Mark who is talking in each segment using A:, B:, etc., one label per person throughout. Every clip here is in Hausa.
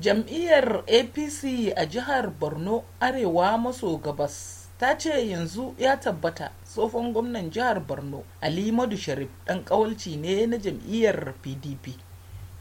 A: jam'iyyar apc a jihar borno arewa maso gabas ta ce yanzu ya tabbata tsohon gwamnan jihar borno ali madu sharif dan kawalci ne na jam'iyyar pdp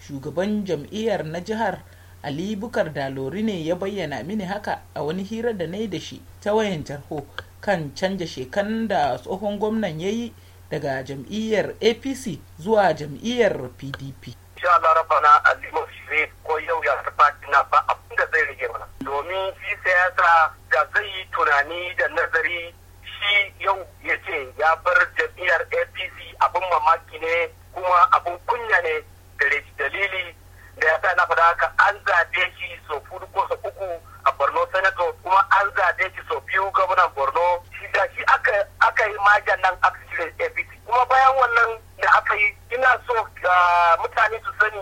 A: shugaban jam'iyyar na jihar ali bukar dalori ne ya bayyana mini haka a wani hira da na yi da shi ta wayan jarho kan canja shekan da tsohon gwamnan ya yi daga jam'iyyar apc zuwa jam'iyyar pdp insha Allah rabbana
B: alimu shi ko yau ya tafi na ba abin da zai rage mana domin shi sa da zai yi tunani da nazari shi yau ya ce ya bar jam'iyyar APC abin mamaki ne kuma abin kunya ne da dalili da ya sa na faɗa haka an zaɓe shi so fudu ko so uku a Borno Senator kuma an zaɓe shi so biyu gwamnan Borno da shi aka yi majan nan aka APC kuma bayan wannan da aka yi ina so ga mutane su sani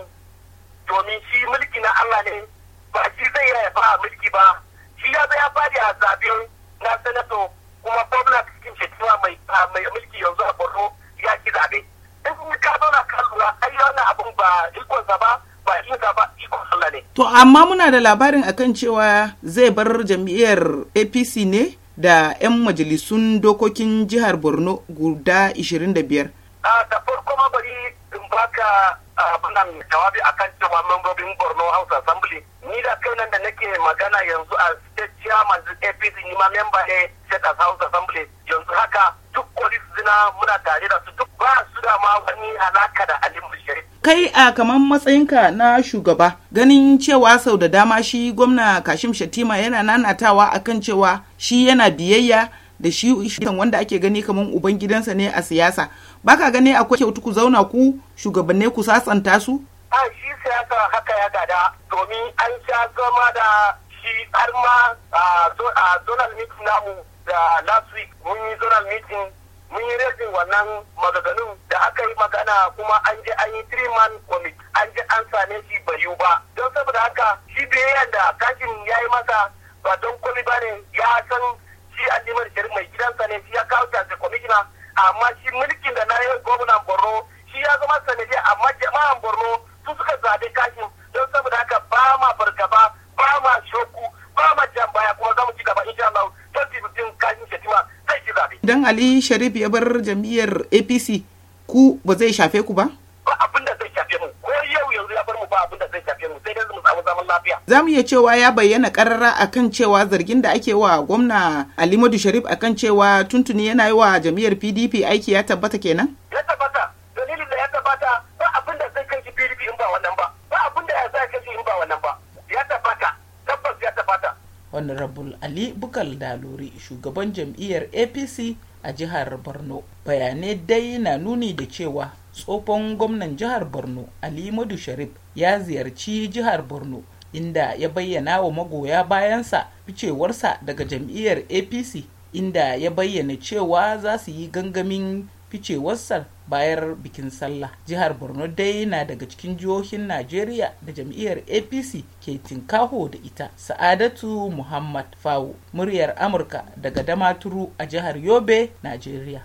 B: domin shi mulki na Allah ne ba shi zai ya ba mulki ba shi ya zai ya a zaɓen na sanato kuma gwamna cikin shekara mai mai mulki yanzu a Borno ya ki zaɓe in ka zauna ka lura ai wannan abun ba ikonsa ba ba ikonsa ba ikon Allah ne
A: to amma muna da labarin akan cewa zai bar jam'iyyar APC ne da 'yan majalisun dokokin jihar borno guda 25. da farko ma bari in baka
B: abunan jawabi akan cewa membobin borno house assembly ni da kai nan da nake magana yanzu a state chairman apc ni ma member ne state house assembly yanzu haka duk kolis zina muna
A: tare da su duk ba su da ma wani alaka da alim bishiri kai a kaman matsayinka na shugaba ganin cewa sau da dama shi gwamna kashim shatima yana nanatawa akan cewa shi yana biyayya da shi shi wanda ake gani kamar uban gidansa ne a siyasa baka gani akwai kyautu ku zauna ku shugabanni ku sasanta su a shi siyasa
B: haka ya gada domin an sha zama da shi har ma a zonal meeting namu da last week mun yi zonal meeting mun yi rezin wannan maganganun da aka yi magana kuma an je an yi three man committee an je an same shi bayu ba don saboda haka shi da yadda kashin ya yi masa ba don kwali ba ne ya san shi a neman mai gidansa ne shi ya kawo jaje kwamishina amma shi mulkin da na yi gwamnan borno shi ya zama sanadi amma jama'an borno su suka zabe kashin don saboda haka ba ma fargaba ba ma shoku ba ma jambaya kuma za mu ci gaba insha Allah
A: 2015 kashin shetima zai ci zabe. dan Ali Sharif ya bar jam'iyyar APC ku ba zai shafe ku ba? Ba abin da zai shafe mu ko yau yanzu ya bar mu ba abin da zai shafe mu sai dai lafiya. Za mu iya cewa ya bayyana karara akan cewa zargin da ake wa gwamna Ali Madu Sharif akan cewa tuntuni yana yi wa jam'iyyar PDP aiki ya tabbata kenan? Ya tabbata,
B: dalilin da ya tabbata ba abin da zai kai shi PDP in ba wannan ba, ba abin da ya sa kai shi in ba wannan ba. Ya tabbata,
A: tabbas ya tabbata. wani Rabul Ali Bukal Daluri shugaban jam'iyyar APC a jihar Borno. Bayanai dai na nuni da cewa tsohon gwamnan jihar borno ali madu sharif ya ziyarci jihar borno inda ya bayyana wa magoya bayansa ficewarsa daga jam'iyyar apc inda ya bayyana cewa za su yi gangamin ficewarsa bayar bikin sallah jihar borno dai na daga cikin jihohin najeriya da jam'iyyar apc ke tinkaho da ita sa'adatu muhammad fawo muryar amurka daga damaturu a jihar yobe najeriya